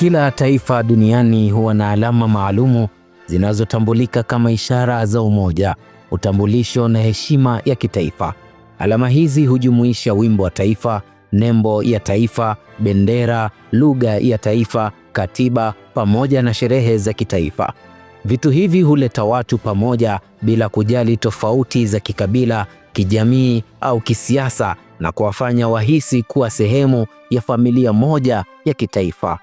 Kila taifa duniani huwa na alama maalumu zinazotambulika kama ishara za umoja, utambulisho na heshima ya kitaifa. Alama hizi hujumuisha wimbo wa taifa, nembo ya taifa, bendera, lugha ya taifa, katiba pamoja na sherehe za kitaifa. Vitu hivi huleta watu pamoja bila kujali tofauti za kikabila, kijamii au kisiasa na kuwafanya wahisi kuwa sehemu ya familia moja ya kitaifa.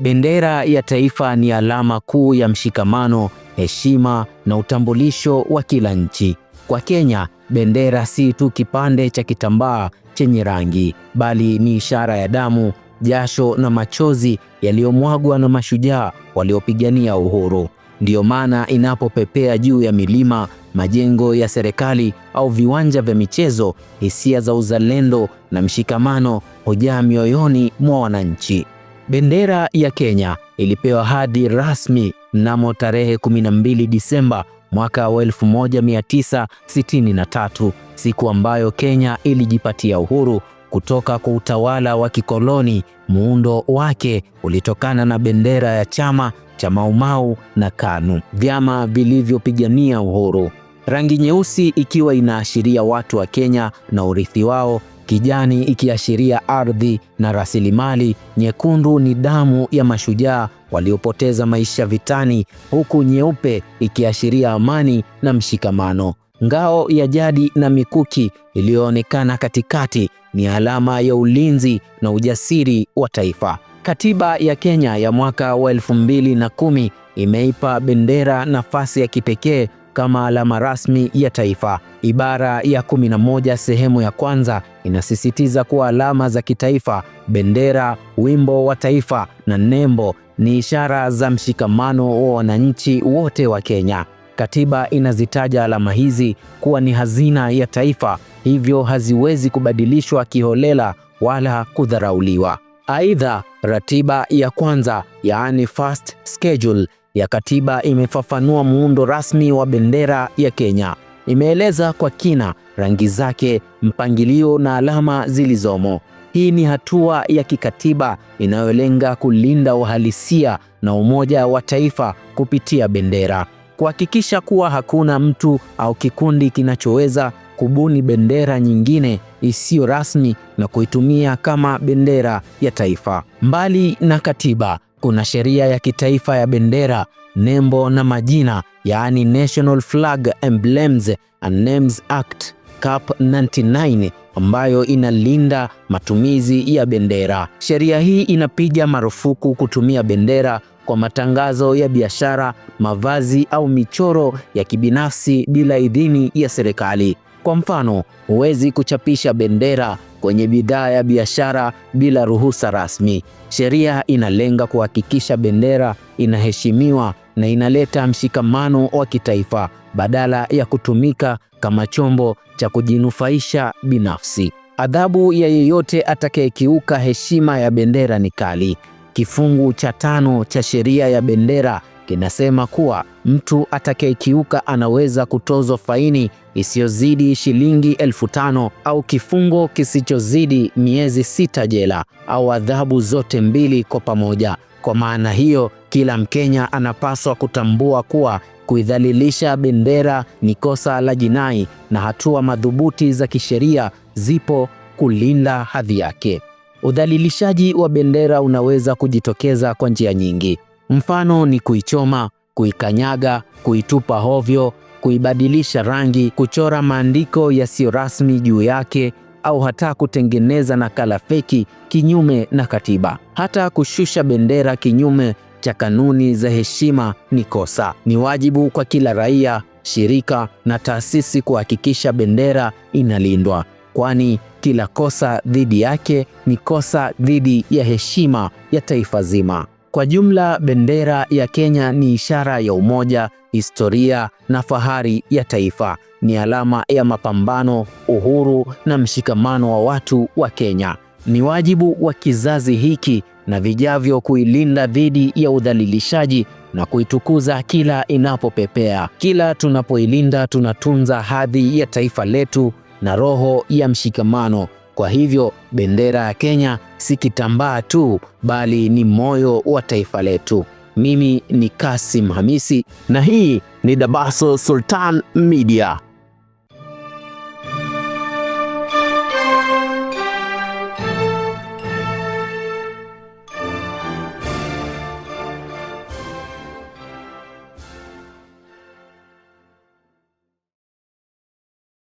Bendera ya taifa ni alama kuu ya mshikamano, heshima na utambulisho wa kila nchi. Kwa Kenya, bendera si tu kipande cha kitambaa chenye rangi, bali ni ishara ya damu, jasho na machozi yaliyomwagwa na mashujaa waliopigania uhuru. Ndiyo maana inapopepea juu ya milima, majengo ya serikali au viwanja vya michezo, hisia za uzalendo na mshikamano hujaa mioyoni mwa wananchi. Bendera ya Kenya ilipewa hadhi rasmi mnamo tarehe 12 Disemba mwaka wa 1963, siku ambayo Kenya ilijipatia uhuru kutoka kwa utawala wa kikoloni. Muundo wake ulitokana na bendera ya chama cha Maumau na KANU, vyama vilivyopigania uhuru, rangi nyeusi ikiwa inaashiria watu wa Kenya na urithi wao kijani ikiashiria ardhi na rasilimali, nyekundu ni damu ya mashujaa waliopoteza maisha vitani, huku nyeupe ikiashiria amani na mshikamano. Ngao ya jadi na mikuki iliyoonekana katikati ni alama ya ulinzi na ujasiri wa taifa. Katiba ya Kenya ya mwaka wa elfu mbili na kumi imeipa bendera nafasi ya kipekee kama alama rasmi ya taifa. Ibara ya 11 sehemu ya kwanza inasisitiza kuwa alama za kitaifa, bendera, wimbo wa taifa na nembo ni ishara za mshikamano wa wananchi wote wa Kenya. Katiba inazitaja alama hizi kuwa ni hazina ya taifa, hivyo haziwezi kubadilishwa kiholela wala kudharauliwa. Aidha, ratiba ya kwanza yaani first schedule ya Katiba imefafanua muundo rasmi wa bendera ya Kenya. Imeeleza kwa kina rangi zake, mpangilio na alama zilizomo. Hii ni hatua ya kikatiba inayolenga kulinda uhalisia na umoja wa taifa kupitia bendera, kuhakikisha kuwa hakuna mtu au kikundi kinachoweza kubuni bendera nyingine isiyo rasmi na kuitumia kama bendera ya taifa. Mbali na katiba, kuna sheria ya kitaifa ya bendera, nembo na majina, yaani National Flag Emblems and Names Act Cap 99 ambayo inalinda matumizi ya bendera. Sheria hii inapiga marufuku kutumia bendera kwa matangazo ya biashara, mavazi au michoro ya kibinafsi bila idhini ya serikali. Kwa mfano, huwezi kuchapisha bendera kwenye bidhaa ya biashara bila ruhusa rasmi. Sheria inalenga kuhakikisha bendera inaheshimiwa na inaleta mshikamano wa kitaifa badala ya kutumika kama chombo cha kujinufaisha binafsi. Adhabu ya yeyote atakayekiuka heshima ya bendera ni kali. Kifungu cha tano cha sheria ya bendera kinasema kuwa mtu atakayekiuka anaweza kutozwa faini isiyozidi shilingi elfu tano au kifungo kisichozidi miezi sita jela au adhabu zote mbili kwa pamoja. Kwa maana hiyo, kila Mkenya anapaswa kutambua kuwa kuidhalilisha bendera ni kosa la jinai na hatua madhubuti za kisheria zipo kulinda hadhi yake. Udhalilishaji wa bendera unaweza kujitokeza kwa njia nyingi. Mfano ni kuichoma, kuikanyaga, kuitupa hovyo, kuibadilisha rangi, kuchora maandiko yasiyo rasmi juu yake au hata kutengeneza nakala feki kinyume na katiba. Hata kushusha bendera kinyume cha kanuni za heshima ni kosa. Ni wajibu kwa kila raia, shirika na taasisi kuhakikisha bendera inalindwa, kwani kila kosa dhidi yake ni kosa dhidi ya heshima ya taifa zima. Kwa jumla, bendera ya Kenya ni ishara ya umoja, historia na fahari ya taifa. Ni alama ya mapambano, uhuru na mshikamano wa watu wa Kenya. Ni wajibu wa kizazi hiki na vijavyo kuilinda dhidi ya udhalilishaji na kuitukuza kila inapopepea. Kila tunapoilinda, tunatunza hadhi ya taifa letu na roho ya mshikamano. Kwa hivyo bendera ya Kenya si kitambaa tu, bali ni moyo wa taifa letu. Mimi ni Kasim Hamisi na hii ni Dabaso Sultan Media.